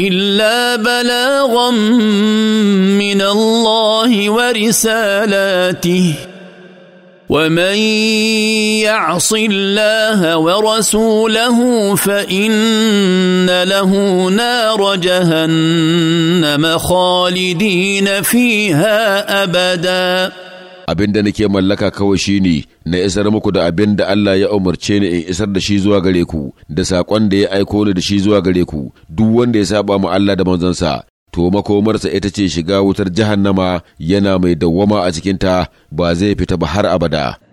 الا بلاغا من الله ورسالاته ومن يعص الله ورسوله فان له نار جهنم خالدين فيها ابدا abin da nake mallaka kawai shine na isar muku da abin da Allah ya umarce ni in isar da shi zuwa gare ku da saƙon da ya aiko ni da shi zuwa gare ku duk wanda ya saba mu Allah da manzansa to makomarsa ita ce shiga wutar jahannama yana mai dawwama a cikinta ba zai fita ba har abada